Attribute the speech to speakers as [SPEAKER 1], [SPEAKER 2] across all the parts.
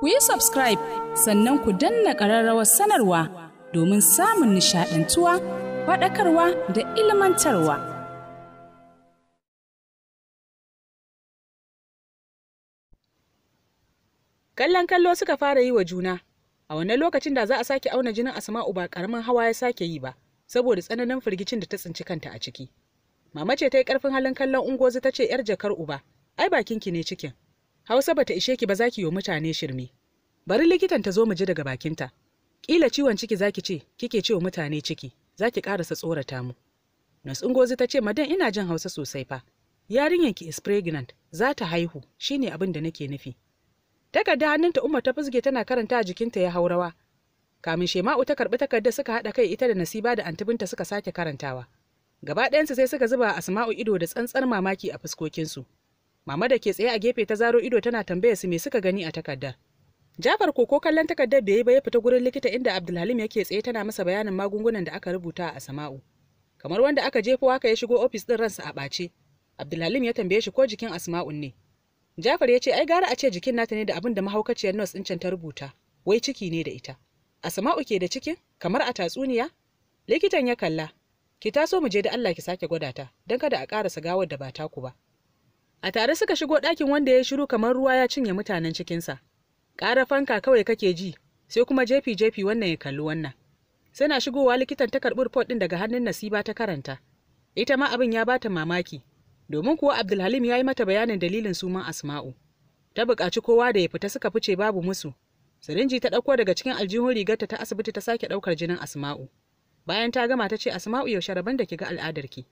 [SPEAKER 1] ku yi subscribe sannan ku danna ƙararrawar sanarwa domin samun nishaɗantuwa faɗakarwa da ilmantarwa. Kallon kallo suka fara yi wa juna, a wannan lokacin da za a sake auna jinin Asma'u ba ƙaramin hawa ya sake yi ba, saboda tsananin firgicin da ta tsinci kanta a ciki. Mama ce ta yi ƙarfin halin kallon ungozi ta ce ‘yar jakar uba, ai bakinki ne cikin, hausa bata ishe ki ba za ki yi mutane shirme bari likitan ta zo mu ji daga bakinta kila ciwon ciki za ki ce kike ce wa mutane ciki za ki karasa tsorata mu natsungozi ta ce madan ina jin hausa sosai fa yarinyar ki is pregnant za ta haihu ne abin da nake nufi takarda hannunta umma ta fizge tana karanta a jikinta ya haurawa kamin shema'u ta karbi takarda suka haɗa kai ita da nasiba da antibinta suka sake karantawa gaba ɗayansu sai suka zuba asma'u ido da tsantsar mamaki a fuskokinsu mama da ke tsaye a gefe ta zaro ido tana tambayar su me suka gani a takardar Jafar ko kallon takardar bai yi ba ya fita gurin likita inda Abdulhalim yake tsaye tana masa bayanin magungunan da aka rubuta a Asma'u. Kamar wanda aka jefo haka ya shigo ofis ɗin ransa a ɓace. Abdulhalim ya tambaye shi ko jikin Asma'u ne. Jafar ya ce ai gara a ce jikin nata ne da abin da mahaukaciyar nurse ɗin can ta rubuta, wai ciki ne da ita. Asma'u ke da cikin kamar a tatsuniya? Likitan ya kalla. Ki taso mu je da Allah ki sake gwada ta, don kada a ƙarasa gawar da ba taku ba. a tare suka shigo ɗakin wanda ya shiru kamar ruwa ya cinye mutanen cikinsa ƙara fanka kawai kake ji sai kuma jefi jefi wannan ya kalli wannan suna shigowa likitan ta karɓi report ɗin daga hannun nasiba ta karanta ita ma abin ya bata mamaki domin kuwa abdulhalim ya yi mata bayanin dalilin suman asma'u ta buƙaci kowa da ya fita suka fice babu musu sirinji ta ɗauko daga cikin aljihun rigarta ta asibiti ta sake ɗaukar jinin asma'u bayan ta gama ta ce asma'u yaushe rabon da ki ga al'adarki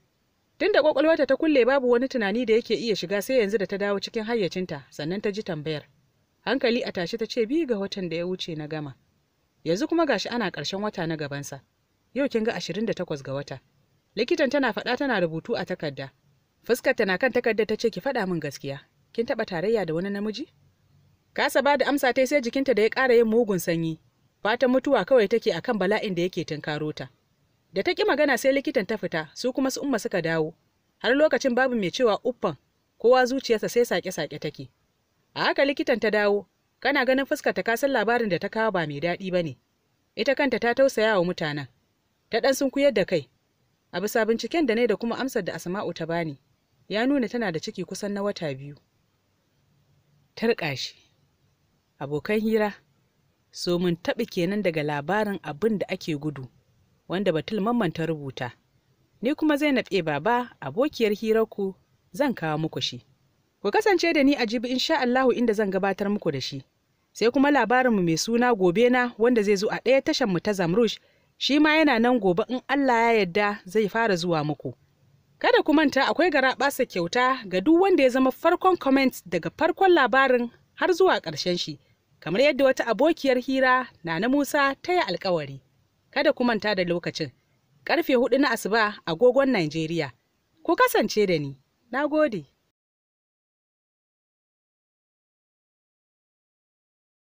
[SPEAKER 1] tun da kwakwalwarta ta kulle babu wani tunani da yake iya shiga sai yanzu da ta dawo cikin hayyacinta sannan ta ji tambayar hankali a tashi ta ce biyu ga watan da ya wuce na gama yanzu kuma gashi ana ƙarshen wata na gabansa yau kin ga ashirin da takwas ga wata likitan tana faɗa tana rubutu a takarda fuskar ta na kan takarda ta ce ki faɗa min gaskiya kin taɓa tarayya da wani namiji kasa ba da amsa ta sai jikinta da ya ƙara yin mugun sanyi fatan mutuwa kawai take akan bala'in da yake tunkaro ta da ta ƙi magana sai likitan ta fita su kuma su umma suka dawo har lokacin babu mai cewa uffan kowa zuciyarsa sai sake-sake take a haka likitan ta dawo kana ganin fuskar ta kasan labarin da ta kawo ba mai daɗi ba ne ita kanta ta tausaya wa mutanen ta ɗan sun kuyar da kai a bisa binciken da ne da kuma amsar da asma'u ta bani ya nuna tana da ciki kusan na wata biyu Tarƙashi, abokan hira so mun taɓi kenan daga labarin abin da ake gudu wanda batul mamman ta rubuta ni kuma zainab e baba abokiyar hirarku zan kawo muku shi ku kasance da ni a jibi insha Allahu inda zan gabatar muku da shi sai kuma labarinmu mai suna gobe na wanda zai zo a ɗaya tashan mu ta zamrush shi ma yana nan gobe in Allah ya yarda zai fara zuwa muku kada ku manta akwai garaɓasa kyauta ga duk wanda ya zama farkon comment daga farkon labarin har zuwa ƙarshen shi kamar yadda wata abokiyar hira na na Musa ta yi alkawari kada ku manta da lokacin karfe hudu na asuba agogon Najeriya. Ku kasance da ni. Na gode.